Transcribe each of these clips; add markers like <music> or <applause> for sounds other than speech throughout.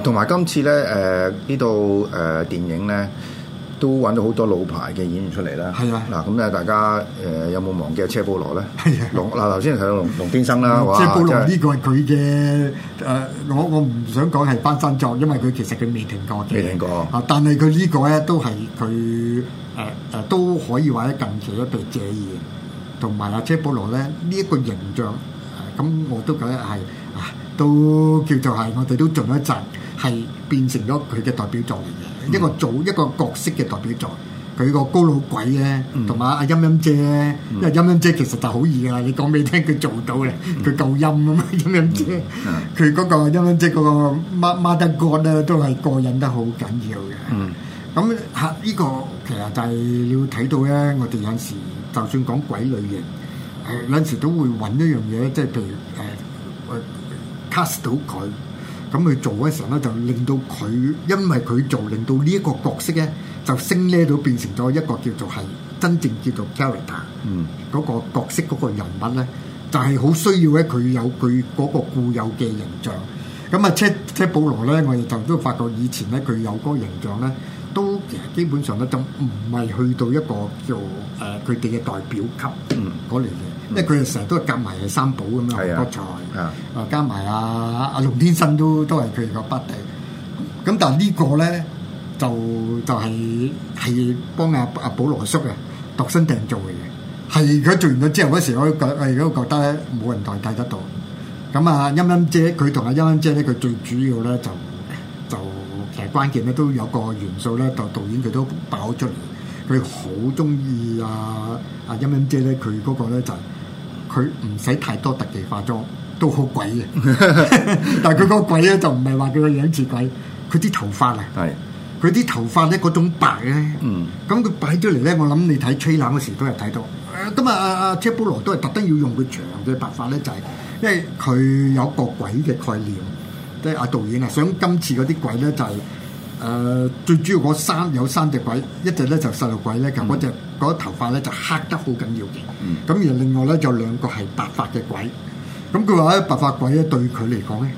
同埋今次咧，誒呢度誒電影咧都揾咗好多老牌嘅演員出嚟啦。係啦嗎，嗱咁咧，大家誒、呃、有冇忘記阿車保羅咧？係啊，嗱頭先係龍龍先生啦。嗯、哇車保羅呢個係佢嘅誒，我我唔想講係翻身作，因為佢其實佢未停過，未停過啊。但係佢呢個咧都係佢誒誒都可以話係近期一被借演，同埋阿車保羅咧呢一、這個形象，咁、呃嗯、我都覺得係都叫做係我哋都盡一陣。係變成咗佢嘅代表作嚟嘅，嗯、一個組一個角色嘅代表作。佢個高佬鬼咧，同埋、嗯、阿陰陰姐咧，嗯、因為陰陰姐其實就好易噶啦，你講俾佢聽，佢做到啦，佢、嗯、夠陰啊嘛陰陰姐，佢嗰、嗯嗯、個陰陰姐嗰個孖孖得哥咧，都係過癮得好緊要嘅。咁嚇呢個其實就係你要睇到咧，我哋有時就算講鬼類型，誒、呃、有時都會揾一樣嘢，即係譬如誒、呃呃、cast 到佢。咁佢做嘅時候咧，就令到佢因為佢做，令到呢一個角色咧，就升咧到變成咗一個叫做係真正叫做 character 嗰、嗯、個角色嗰個人物咧，就係好需要咧佢有佢嗰個固有嘅形象。咁啊，車車保羅咧，我哋就都發覺以前咧佢有嗰個形象咧，都其實基本上咧就唔係去到一個叫誒佢哋嘅代表級嗰、嗯、類型。因為佢哋成日都係夾埋三寶咁樣合作喎，啊，啊加埋阿阿龍天新都都係佢哋個筆底，咁但係呢個咧就就係、係、係幫阿阿保羅叔啊度身訂做嘅嘢，係佢做完咗之後嗰時我覺我而家覺得冇人代替得到，咁啊陰陰姐佢同阿陰陰姐咧佢最主要咧就就其實關鍵咧都有個元素咧就導演佢都爆出嚟，佢好中意阿阿陰陰姐咧佢嗰個咧就。佢唔使太多特技化妝，都好鬼嘅。 <laughs> 但係佢嗰個鬼咧，就唔係話佢個樣似鬼，佢啲頭髮啊，係佢啲頭髮咧嗰種白咧，嗯，咁佢擺咗嚟咧，我諗你睇《吹冷》嗰時都係睇到。咁啊，阿阿切波羅都係特登要用佢長嘅白髮咧，就係因為佢有個鬼嘅概念，即係阿導演啊，想今次嗰啲鬼咧就係、是。誒、uh, 最主要嗰三有三隻鬼，一隻咧就細路鬼咧，咁嗰隻嗰頭髮咧就黑得好緊要嘅。咁而另外咧有兩個係白髮嘅鬼。咁佢話咧白髮鬼咧對佢嚟講咧，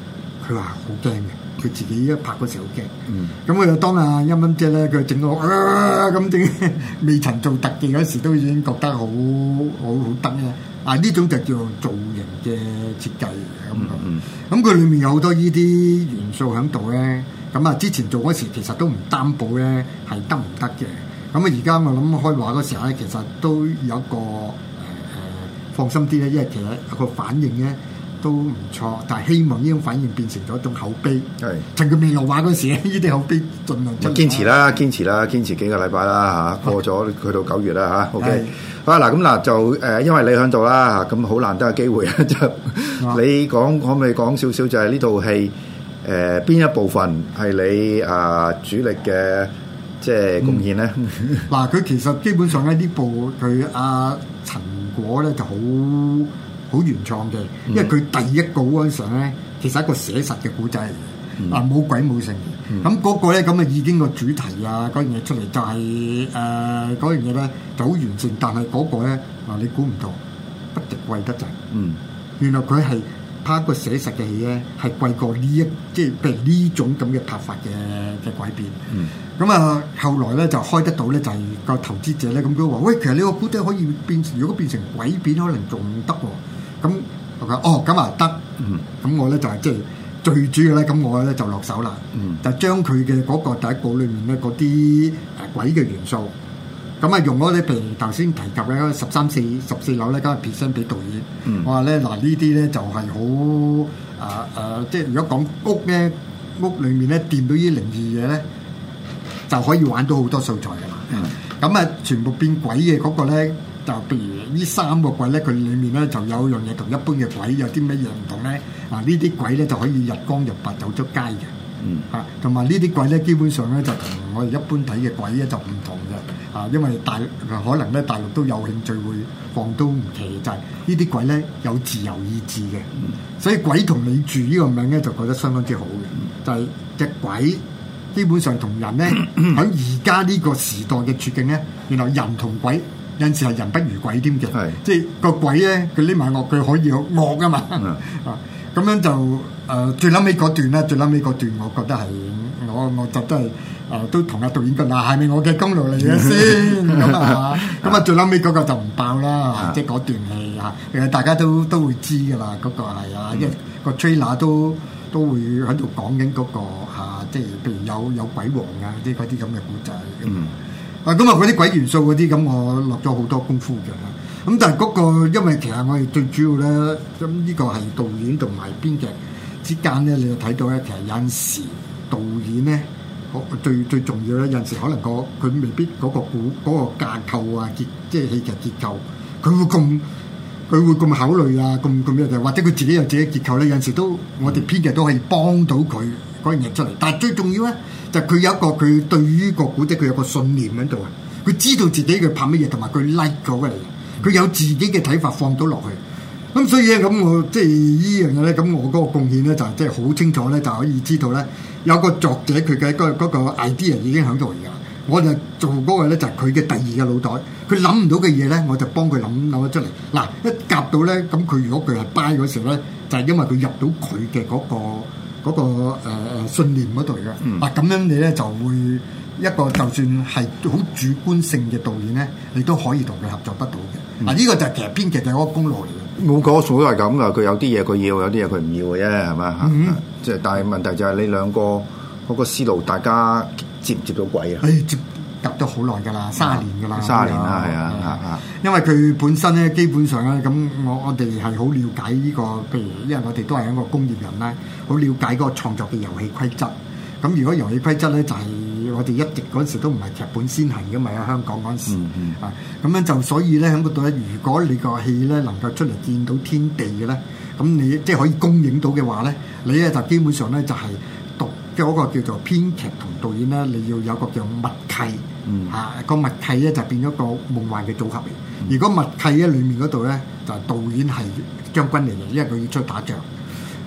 佢話好驚嘅。佢自己一拍嗰時好驚。咁佢就當啊一蚊姐啦，佢整到啊咁整，未 <laughs> 曾做特技嗰時都已經覺得好好好得咧。Commander? 啊呢種就叫做造型嘅設計咁。咁佢裏面有好多呢啲元素喺度咧。咁啊，之前做嗰時其實都唔擔保咧，係得唔得嘅。咁啊，而家我諗開畫嗰時候咧，其實都有一個誒誒放心啲咧，因為其實個反應咧都唔錯，但係希望呢種反應變成咗一種口碑。係，趁佢未落畫嗰時咧，呢啲口碑儘量，就堅持啦，堅持啦，堅持幾個禮拜啦嚇，過咗去到九月啦嚇。OK。啊嗱，咁嗱就誒，因為你響度啦嚇，咁好難得嘅機會啊，就你講可唔可以講少少，就係呢套戲。誒邊、呃、一部分係你啊、呃、主力嘅即係貢獻咧？嗱，佢其實基本上咧呢部佢阿、呃、陳果咧就好好原創嘅，因為佢第一稿嗰陣時咧，其實一個寫實嘅古仔，嗱冇、嗯、鬼冇神。咁嗰、嗯、個咧咁啊已經個主題啊嗰樣嘢出嚟，就是呃，就係誒嗰樣嘢咧就好完善。但係嗰個咧嗱、呃、你估唔到，不值貴得滯。嗯，原來佢係。拍一個寫實嘅戲咧，係貴過呢一即係譬如呢種咁嘅拍法嘅嘅鬼片。嗯。咁啊，後來咧就開得到咧，就係個投資者咧咁都話：喂，其實呢個古仔可以變成，如果變成鬼片，可能仲得喎。咁哦，咁啊得。嗯。咁、嗯、我咧、哦啊嗯、就係即係最主要咧，咁我咧就落手啦。嗯。就將佢嘅嗰個第一稿裏面咧嗰啲誒鬼嘅元素。咁啊，用咗啲譬如頭先提及嘅十三四十四樓咧，咁啊變身俾導演。嗯、我話咧，嗱呢啲咧就係好啊啊！即係如果講屋咧，屋裡面咧掂到啲靈異嘢咧，就可以玩到好多素材嘅嘛。咁啊、嗯嗯，全部變鬼嘅嗰個咧，就譬如呢三個鬼咧，佢裡面咧就有樣嘢同一般嘅鬼有啲咩嘢唔同咧？啊、呃，呢啲鬼咧就可以日光日白走出街嘅。嗯，啊，同埋呢啲鬼咧，基本上咧就同我哋一般睇嘅鬼咧就唔同嘅，啊，因為大可能咧大陸都有興趣會放都唔奇，就係呢啲鬼咧有自由意志嘅，所以鬼同你住呢個名咧就覺得相當之好嘅，嗯、就係隻鬼基本上同人咧喺而家呢 <coughs> 呢呢個時代嘅處境咧，原來人同鬼有陣時係人不如鬼添嘅，是即係個鬼咧佢匿埋惡，佢可以惡㗎嘛，啊、嗯，咁、嗯嗯、樣就。誒最撚尾嗰段咧，最撚尾嗰段，我覺得係我我就、呃、都係誒都同阿導演講，嗱係咪我嘅功勞嚟嘅先咁啊？咁、 <laughs> 嗯、啊最撚尾嗰個就唔爆啦， <laughs> 即係嗰段戲嚇，其實大家都都會知㗎啦，嗰、嗰個係、嗰個、啊，個 trailer 都都會喺度講緊嗰個嚇，即係譬如有有鬼王啊，啲嗰啲咁嘅古仔。咁啊、 <laughs> 嗯，嗰啲鬼元素嗰啲，咁我落咗好多功夫嘅。咁但係嗰、嗰個，因為其實我哋最主要咧，咁呢個係導演同埋編劇。之間咧，你就睇到咧，其實有陣時導演咧，最最重要咧，有陣時可能個佢未必嗰個古、嗰個、架構啊結，即係戲劇結構，佢會咁佢會咁考慮啊，咁咁樣就，或者佢自己有自己結構咧，有陣時都我哋編劇都可以幫到佢嗰樣嘢出嚟。但係最重要咧，就佢、係、有一個佢對於個古仔佢有個信念喺度啊，佢知道自己佢拍乜嘢，同埋佢 like 嗰樣嘢，佢有自己嘅睇法放到落去。咁、嗯、所以咧，咁我即係呢樣嘢咧，咁我嗰個貢獻咧就係即係好清楚咧，就可以知道咧有個作者佢嘅嗰嗰個 idea 已經喺度而嘅，我就做嗰個咧就係佢嘅第二嘅腦袋，佢諗唔到嘅嘢咧我就幫佢諗諗咗出嚟。嗱一夾到咧，咁佢如果佢係 buy 嗰時咧，就係、是、因為佢入到佢嘅嗰個嗰、那個、那個呃、信念嗰度嘅。嗱咁、嗯啊、樣你咧就會一個就算係好主觀性嘅導演咧，你都可以同佢合作得到嘅。嗱呢、嗯啊這個就係其實編劇第一個功勞嚟。冇講，全部都係咁噶。佢有啲嘢佢要有啲嘢佢唔要嘅啫，係嘛？即係、mm hmm. 但係問題就係、是、你兩個嗰、那個思路，大家接唔接到鬼、哎、接啊？誒，接夾咗好耐㗎啦，卅年㗎啦。卅年啦，係啊，啊啊因為佢本身咧，基本上咧，咁我我哋係好了解呢、這個，譬如因為我哋都係一個工業人啦，好了解嗰個創作嘅遊戲規則。咁如果遊戲規則咧，就係、是。我哋一直嗰時都唔係劇本先行嘅，嘛，喺香港嗰時、mm hmm. 啊，咁樣就所以咧喺嗰度咧，如果你個戲咧能夠出嚟見到天地嘅咧，咁你即係可以公映到嘅話咧，你咧就基本上咧就係、是、讀即係嗰個叫做編劇同導演咧，你要有個叫默契、mm hmm. 啊，個默契咧就變咗個夢幻嘅組合嚟。如果默契咧裡面嗰度咧就係、是、導演係將軍嚟嘅，因為佢要出去打仗。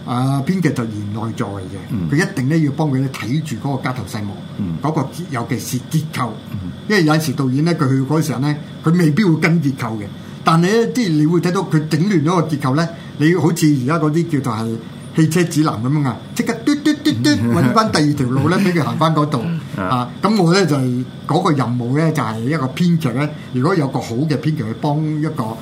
啊，編劇就言內在嘅佢、嗯、一定咧要幫佢咧睇住嗰個家頭細務，嗰、嗯嗰個尤其是結構，嗯、因為有陣時導演咧，佢去嗰時候咧，佢未必會跟結構嘅，但係咧，即係你會睇到佢整亂咗個結構咧，你要好似而家嗰啲叫做係汽車指南咁樣啊，即刻嘟嘟嘟嘟揾翻第二條路咧俾佢行翻嗰度。 <laughs> <laughs> 啊！咁我咧就嗰個任務咧就係一個編劇咧，如果有個好嘅編劇去幫一個誒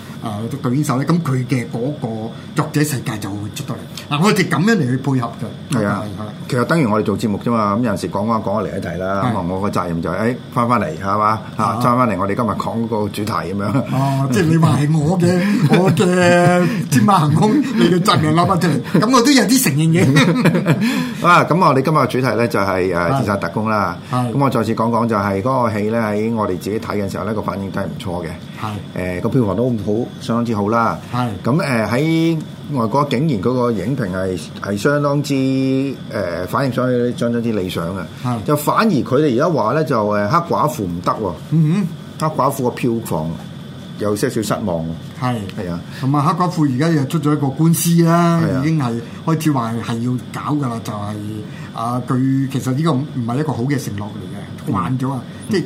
導演手咧，咁佢嘅嗰個作者世界就會出到嚟。嗱，我哋咁樣嚟去配合嘅。係啊，其實當然我哋做節目啫嘛，咁有陣時講講講下嚟係啦。咁我個責任就係誒翻翻嚟係嘛嚇，翻翻嚟我哋今日講個主題咁樣。哦，即係你話係我嘅，我嘅天馬行空，你嘅責任攞翻出嚟，咁我都有啲承認嘅。啊，咁我哋今日嘅主題咧就係誒《自殺特攻》啦。係，咁我再次講講就係嗰個戲咧，喺我哋自己睇嘅時候咧，個反應都係唔錯嘅。係是的、呃，誒個票房都好相當之好啦。係是的、嗯，咁誒喺外國竟然嗰個影評係係相當之誒、呃、反映所以相當之理想嘅。是的 就反而佢哋而家話咧，就誒黑寡婦唔得喎。嗯嗯，黑寡婦嘅票房。有些少失望係，係是啊，同埋黑寡婦而家又出咗一個官司啦，啊、已經係開始話係要搞噶啦，就係、是、啊，佢其實呢個唔係一個好嘅承諾嚟嘅，慢咗啊，嗯、即係。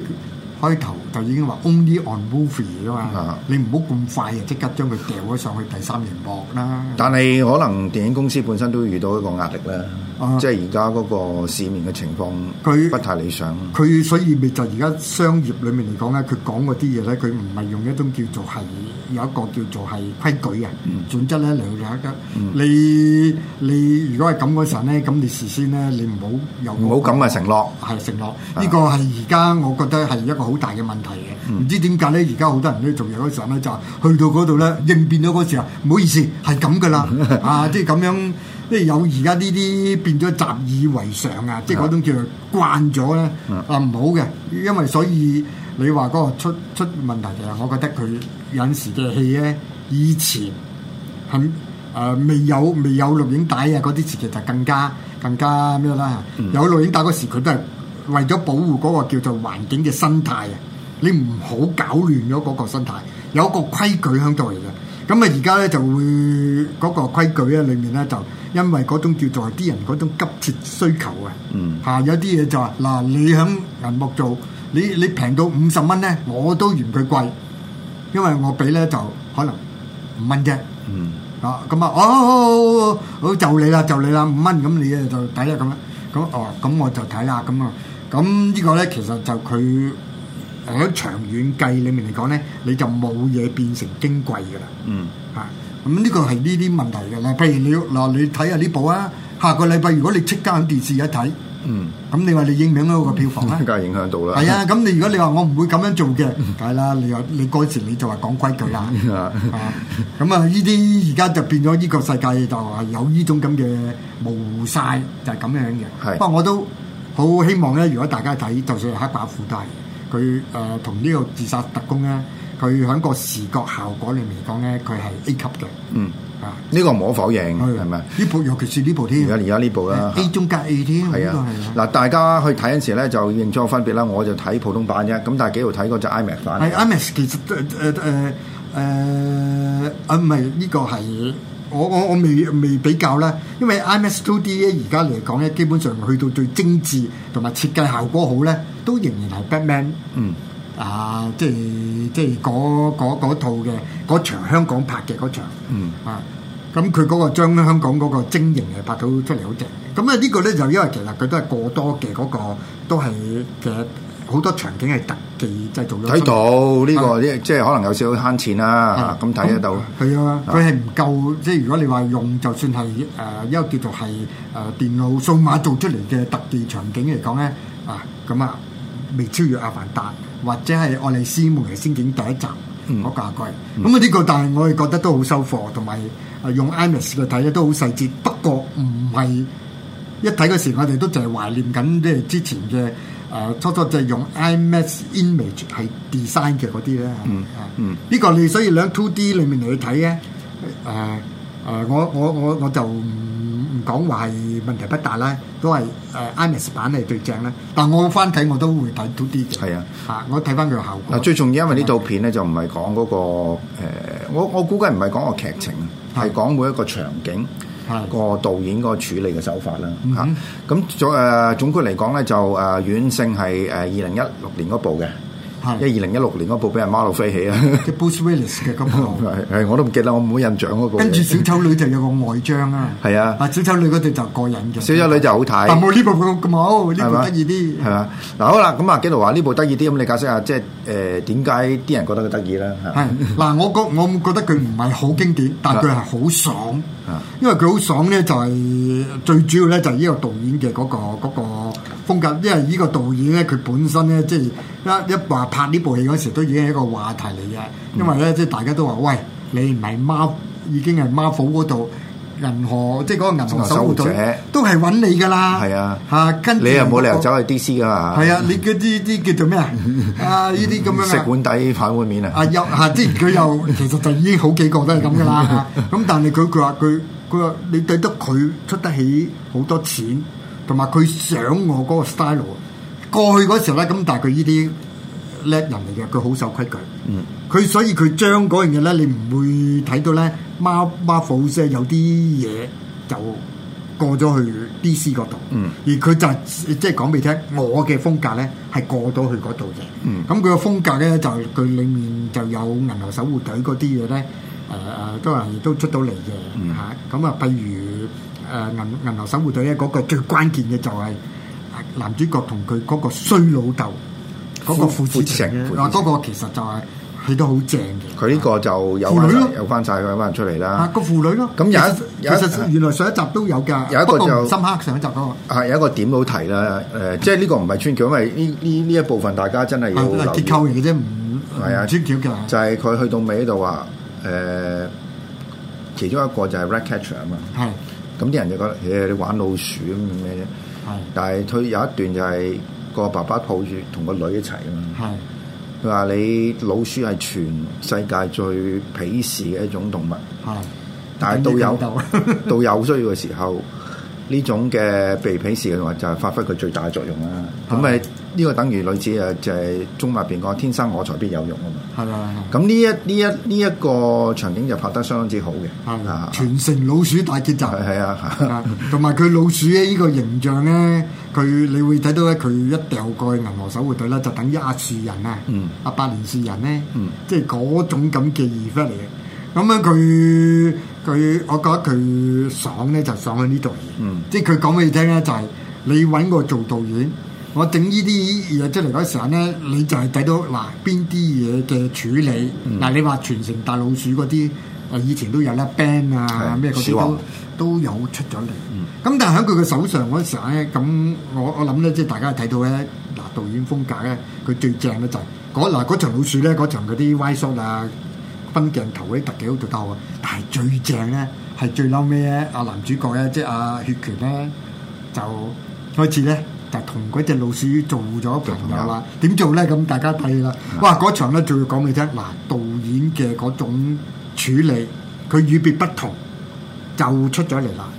開頭就已經話 only on movie 噶嘛，你唔好咁快啊！即刻將佢掉咗上去第三連播啦。但係可能電影公司本身都遇到一個壓力咧，即係而家嗰個市面嘅情況佢不太理想。佢所以咪就而家商業裡面嚟講咧，佢講嗰啲嘢咧，佢唔係用一種叫做係有一個叫做係規矩嘅準則咧嚟去睇得。你你如果係咁嘅時候咧，咁你事先咧，你唔好又唔好咁嘅承諾係承諾。呢個係而家我覺得係一個。好大嘅問題嘅，唔知點解咧？而家好多人都做嘢嗰時咧，就去到嗰度咧，應變咗嗰時啊，唔好意思，係咁噶啦， <laughs> 啊，即係咁樣，即係有而家呢啲變咗習以為常啊，即係嗰種叫做慣咗咧，啊唔好嘅，因為所以你話嗰個出出問題嘅，我覺得佢有時嘅戲咧，以前喺誒、呃、未有未有錄影帶啊，嗰啲時其實更加更加咩啦，有錄影帶嗰時佢都係。為咗保護嗰個叫做環境嘅生態啊，你唔好搞亂咗嗰個生態，有一個規矩喺度嚟嘅。咁啊，而家咧就會嗰、嗰個規矩啊，裡面咧就因為嗰種叫做啲人嗰種急切需求、嗯、啊，嚇有啲嘢就話嗱，你喺銀幕做，你你平到五十蚊咧，我都嫌佢貴，因為我俾咧就可能五蚊啫，嚇咁、嗯、啊，哦，好就你啦，就，就你啦，五蚊，咁你啊就睇啦咁樣，咁哦，咁我就睇啦，咁啊。咁呢個咧，其實就佢喺長遠計裏面嚟講咧，你就冇嘢變成矜貴㗎喇。嗯，嚇，咁呢個係呢啲問題嘅。譬如你嗱，你睇下呢部啊，下個禮拜如果你即刻喺電視一睇，嗯，咁你話你影唔影嗰個票房啊？梗係影響到啦。係啊，咁你如果你話我唔會咁樣做嘅，唔計啦。你你嗰時你就話講規矩啦。啊，咁啊，呢啲而家就變咗呢個世界就話有呢種咁嘅無曬，就係咁樣嘅。係，不過我都，好希望咧，如果大家睇，就算係黑寡婦都係佢誒同呢個自殺特工咧，佢喺個視覺效果裏面講咧，佢係 A 級嘅。嗯，啊，呢、呢個唔可否認，係咪？呢部尤其是呢部添，而家而家呢部啦，A 中加 A 添，都係啦。嗱，大家去睇嗰陣時咧，就認咗分別啦。我就睇普通版啫，咁但係幾度睇嗰隻 IMAX 版？係 IMAX 其實誒誒誒啊，唔係呢個係。我我我未未比較啦，因為 IMAX 2D 咧而家嚟講咧，基本上去到最精緻同埋設計效果好咧，都仍然係 Batman。嗯。啊，即係即係嗰嗰嗰套嘅嗰場香港拍嘅嗰場。嗯。啊，咁佢嗰個將香港嗰個晶型係拍到出嚟好正。咁啊，呢個咧就因為其實佢都係過多嘅嗰、那個都係嘅。好多場景係特技製造咗，睇到呢個即係即係可能有少少慳錢啦，咁睇得到。係啊，佢係唔夠，即係如果你話用就算係誒一個叫做係誒電腦數碼做出嚟嘅特技場景嚟講咧，啊咁啊未超越《阿凡達》或者係《愛麗絲夢遊仙境》第一集嗰個價貴。咁啊呢個但係我哋覺得都好收貨，同埋用 IMAX 去睇咧都好細緻。不過唔係一睇嗰時，我哋都就係懷念緊即係之前嘅。誒、啊、初初就用 IMAX image 係 design 嘅嗰啲咧、嗯，嗯嗯，呢、啊這個你所以兩 two D 裡面嚟睇咧，誒、啊、誒、啊，我我我我就唔講話係問題不大啦，都係誒、uh, IMAX 版嚟最正啦。但我翻睇我都會睇 two D 嘅，係啊，嚇、啊、我睇翻佢嘅效果。最重要因為呢套片咧就唔係講嗰個、啊、我我估計唔係講個劇情，係講、啊、每一個場景。個導演嗰個處理嘅手法啦嚇，咁總誒總括嚟講咧就誒遠勝係誒二零一六年嗰部嘅。係一二零一六年嗰部俾人馬路飛起啊！即 Booth Williams 嘅金剛，係係我都唔記得，我冇印象嗰部。跟住小丑女就有個外章啦，係啊！啊小丑女嗰段就過癮嘅，小丑女就好睇。啊冇呢部咁好，呢部得意啲，係嘛？嗱好啦，咁啊紀陶話呢部得意啲？咁你解釋下即係誒點解啲人覺得佢得意啦？係嗱，我覺我覺得佢唔係好經典，但係佢係好爽，因為佢好爽咧就係最主要咧就呢個導演嘅嗰個嗰個。風格，因為呢個導演咧，佢本身咧，即係一一話拍呢部戲嗰時，都已經係一個話題嚟嘅。因為咧，即係大家都話：喂，你唔係 Marvel，已經係 Marvel 嗰度，銀河即係嗰個銀河守，守護者都係揾你㗎啦。係啊，嚇跟、那個、你又冇理由走去 DC 㗎嘛、啊。係啊，你嗰啲啲叫做咩啊？啊，呢啲咁樣啊，食碗底反碗面啊。啊又嚇，即佢又其實就已經好幾個都係咁㗎啦。咁、啊、但係佢佢話佢佢話你對得佢出得起好多錢。同埋佢想我嗰個 style，過去嗰時候咧，咁但係佢呢啲叻人嚟嘅，佢好守規矩。佢、嗯、所以佢將嗰樣嘢咧，你唔會睇到咧。Marvel 有些有啲嘢就過咗去 DC 嗰度，嗯、而佢就係、即係講俾你聽，嗯、我嘅風格咧係過到去嗰度嘅。咁佢嘅風格咧就佢裡面就有銀河守護隊嗰啲嘢咧，誒誒都係都出到嚟嘅嚇。咁、嗯、啊，譬如。誒銀銀河守護隊咧嗰個最關鍵嘅就係男主角同佢嗰個衰老豆嗰個父子情嗱，嗰個其實就係係都好正嘅。佢呢個就有翻有翻曬，揾翻出嚟啦。個婦女咯。咁有一其實原來上一集都有㗎。有一個就深刻上一集嗰個有一個點好提啦。誒，即係呢個唔係穿橋，因為呢呢呢一部分大家真係要係結構嚟嘅啫。唔係啊，穿橋嘅就係佢去到尾度話誒，其中一個就係 Ratcatcher 啊嘛，係。咁啲人就覺得誒、欸，你玩老鼠咁嘅啫，但係佢有一段就係、是、個爸爸抱住同個女一齊㗎嘛。佢話：你老鼠係全世界最鄙視嘅一種動物，的但係到有都的有需要嘅時候，呢 <laughs> 種嘅被鄙視嘅動物就係、是、發揮佢最大作用啦。咁咪的～就呢個等於類似誒就係、是、中華入邊講天生我材必有用啊嘛！係啦，咁呢一呢一呢一個場景就拍得相當之好嘅，啊！啊全城老鼠大結集係啊，同埋佢老鼠嘅呢個形象咧，佢你會睇到咧，佢一掉過去銀河守護隊咧，就等於阿樹人、嗯、啊八人，阿百年樹人咧，即係嗰種咁嘅意 figure 嚟嘅。咁咧佢佢，我覺得佢爽咧就爽喺呢度，嗯、即係佢講俾你聽咧，就係、是、你揾我做導演。我整呢啲嘢出嚟嗰時刻咧，你就係睇到嗱邊啲嘢嘅處理。嗱、嗯，但你話全城大老鼠嗰啲啊，以前都有啦，band、嗯、啊咩嗰啲都乎都有出咗嚟。咁但係喺佢嘅手上嗰時刻咧，咁我我諗咧，即係大家睇到咧，嗱導演風格咧，佢最正咧就係嗰嗱嗰場老鼠咧，嗰場嗰啲歪 shot 啊、分鏡頭嗰啲特技都做得好。但係最正咧係最嬲尾咧，阿男主角咧，即係、啊、阿血拳咧，就開始咧。就同嗰隻老鼠做咗朋友啦。點做咧？咁大家睇啦。哇！嗰場咧仲要講咩啫？嗱，導演嘅嗰種處理，佢與別不同，就出咗嚟啦。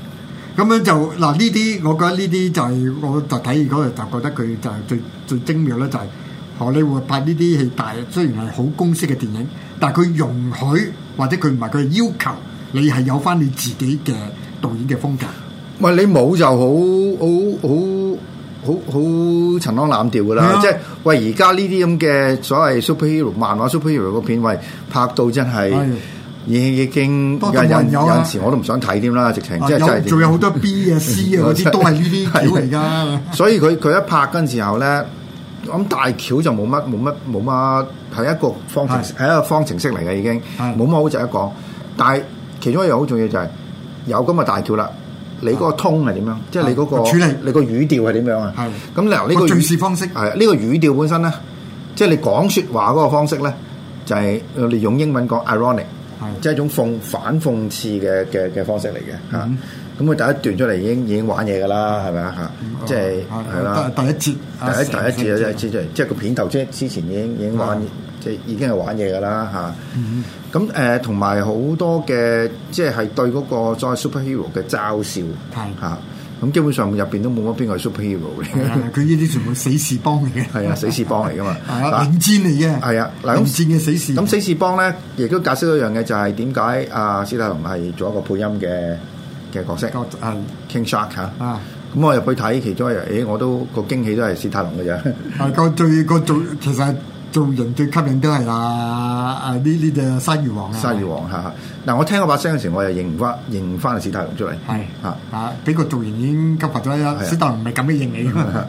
咁樣就嗱呢啲，我覺得呢啲就係我就睇嗰度就覺得佢就最最精妙咧，就係荷里活拍呢啲戲，但係雖然係好公式嘅電影，但係佢容許或者佢唔係佢要求你係有翻你自己嘅導演嘅風格。喂，你冇就好，好好。好好陳腔濫調噶啦，Yeah. 即係喂而家呢啲咁嘅所謂 superhero 漫畫 superhero 個片，喂，拍到真係已已經有有陣時我都唔想睇添啦，直情即係即係仲有好多 B <laughs> C <laughs> 啊 C 啊嗰啲都係呢啲嚟噶。所以佢佢一拍跟住後咧，咁大橋就冇乜冇乜冇乜係一個方程式係一個方程式嚟嘅已經，冇乜好值得講。 <laughs> 啊、但係其中一、就是、樣好重要就係有咁嘅大橋啦。你嗰個通係點樣？即係你嗰個處理，你個語調係點樣啊？係咁由呢個詮釋方式係呢個語調本身咧，即係你講説話嗰個方式咧，就係你用英文講 ironic，即係一種諷反諷刺嘅嘅嘅方式嚟嘅嚇。咁佢第一段出嚟已經已經玩嘢噶啦，係咪啊嚇？即係係啦，第一節第一第一節啊，即係即係個片頭即係之前已經已經玩。即係已經係玩嘢㗎啦嚇，咁誒同埋好多嘅即係係對嗰個再 superhero 嘅嘲笑嚇，咁基本上入邊都冇乜邊個 superhero 佢呢啲全部死侍幫嚟嘅，係啊死侍幫嚟㗎嘛，影戰嚟嘅，係啊，影戰嘅死侍。咁死侍幫咧亦都解釋咗一樣嘅就係點解阿史泰龍係做一個配音嘅嘅角色，King Shark 嚇，咁我入去睇其中，一日誒我都個驚喜都係史泰龍嘅啫，係個最個做，其實。造型最吸引都係啦，啊，阿呢呢隻鯊魚王啊！鯊魚王嚇，嗱吧、啊、我聽我把聲嘅時候，我又認唔翻認唔翻阿史泰龍出嚟，係吓是，嚇，啊，俾個造型已經吸引咗啦，是啊，史泰龍唔係咁樣認你㗎嘛。